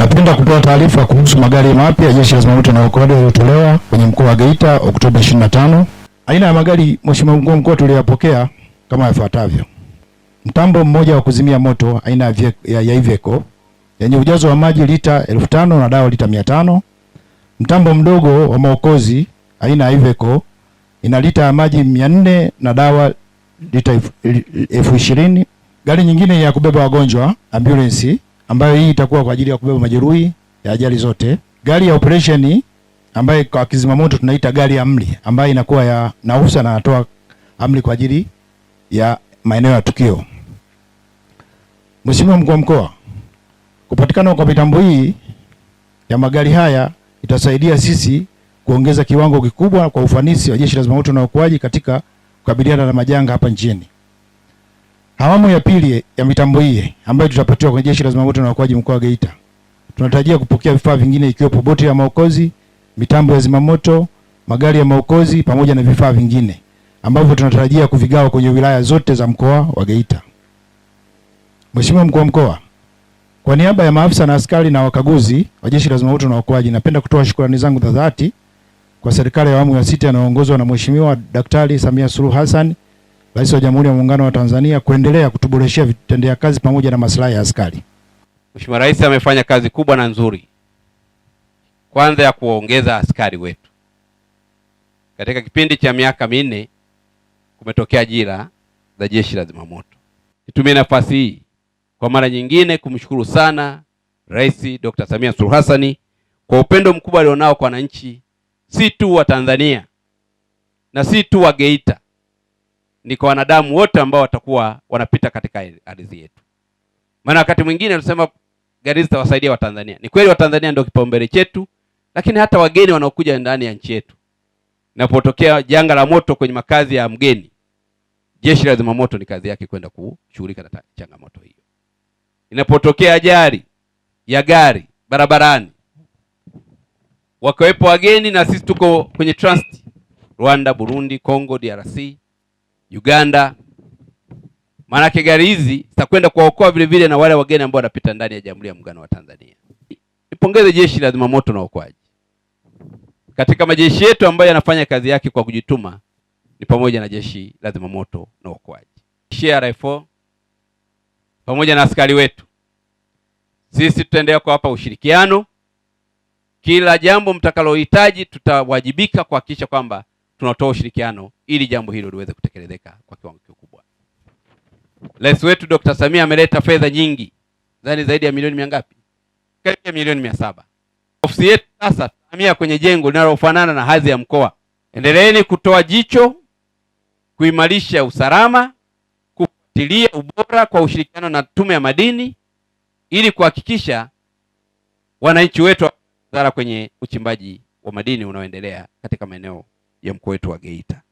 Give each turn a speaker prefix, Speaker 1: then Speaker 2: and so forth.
Speaker 1: Napenda kutoa taarifa kuhusu magari mapya ya Jeshi la Zimamoto na Uokoaji yaliyotolewa kwenye mkoa wa Geita Oktoba 25. Aina ya magari, Mheshimiwa Mkuu wa Mkoa, tuliyapokea kama yafuatavyo: mtambo mmoja wa kuzimia moto aina ya, ya, Iveco yenye ujazo wa maji lita elfu tano na dawa lita mia tano. Mtambo mdogo wa maokozi aina ya Iveco ina lita ya maji 400 na dawa lita elfu ishirini. Gari nyingine ya kubeba wagonjwa ambulance ambayo hii itakuwa kwa ajili ya kubeba majeruhi ya ajali zote. Gari ya operation ambayo kwa kizimamoto tunaita gari ya amri ambayo inakuwa ya nahusa na natoa amri kwa ajili ya maeneo ya tukio. Mheshimiwa Mkuu wa Mkoa, kupatikana kwa mitambo hii ya magari haya itasaidia sisi kuongeza kiwango kikubwa kwa ufanisi wa Jeshi la Zimamoto na Uokoaji katika kukabiliana na majanga hapa nchini. Awamu ya pili ya mitambo hii ambayo tutapatiwa kwenye Jeshi la Zimamoto na Uokoaji Mkoa wa Geita, tunatarajia kupokea vifaa vingine ikiwepo boti ya maokozi, mitambo ya zimamoto, magari ya maokozi pamoja na vifaa vingine ambavyo tunatarajia kuvigawa kwenye wilaya zote za mkoa wa Geita. Mheshimiwa Mkuu wa Mkoa, kwa niaba ya maafisa na askari na wakaguzi wa Jeshi la Zimamoto na Uokoaji, napenda kutoa shukrani zangu za dhati kwa serikali ya awamu ya sita inayoongozwa na Mheshimiwa Daktari Samia Suluhu Hassan Rais wa Jamhuri ya Muungano wa Tanzania kuendelea kutuboreshea vitendea kazi pamoja na maslahi ya askari.
Speaker 2: Mheshimiwa Rais amefanya kazi kubwa na nzuri, kwanza ya kuwaongeza askari wetu. Katika kipindi cha miaka minne kumetokea ajira za Jeshi la Zimamoto. Nitumie nafasi hii kwa mara nyingine kumshukuru sana Rais Dr. Samia Suluhu Hassan kwa upendo mkubwa alionao kwa wananchi, si tu wa Tanzania na si tu wa Geita ni kwa wanadamu wote ambao watakuwa wanapita katika ardhi yetu. Maana wakati mwingine tunasema gari zitawasaidia Watanzania. Ni kweli Watanzania ndio kipaumbele chetu, lakini hata wageni wanaokuja ndani ya nchi yetu. Inapotokea janga la moto kwenye makazi ya mgeni, jeshi la zimamoto ni kazi yake kwenda kushughulika na changamoto hiyo. Inapotokea ajali ya gari barabarani, wakiwepo wageni na sisi tuko kwenye trust Rwanda, Burundi, Congo, DRC Uganda, maanake gari hizi zitakwenda kuwaokoa vile vile na wale wageni ambao wanapita ndani ya Jamhuri ya Muungano wa Tanzania. Nipongeze Jeshi la Zimamoto na Uokoaji. Katika majeshi yetu ambayo yanafanya kazi yake kwa kujituma ni pamoja na Jeshi la Zimamoto na Uokoaji, RFO, pamoja na askari wetu. Sisi tutaendelea kuwapa ushirikiano. Kila jambo mtakalohitaji, tutawajibika kuhakikisha kwamba tunatoa ushirikiano ili jambo hilo liweze kutekelezeka kwa kiwango kikubwa. Rais wetu Dr. Samia ameleta fedha nyingi, nadhani zaidi ya milioni mia ngapi, karibia milioni mia saba. Ofisi yetu sasa tunahamia kwenye jengo linalofanana na hadhi ya mkoa. Endeleeni kutoa jicho kuimarisha usalama, kufuatilia ubora kwa ushirikiano na Tume ya Madini ili kuhakikisha wananchi wetu wazara kwenye uchimbaji wa madini unaoendelea katika maeneo ya mkoa wetu wa Geita.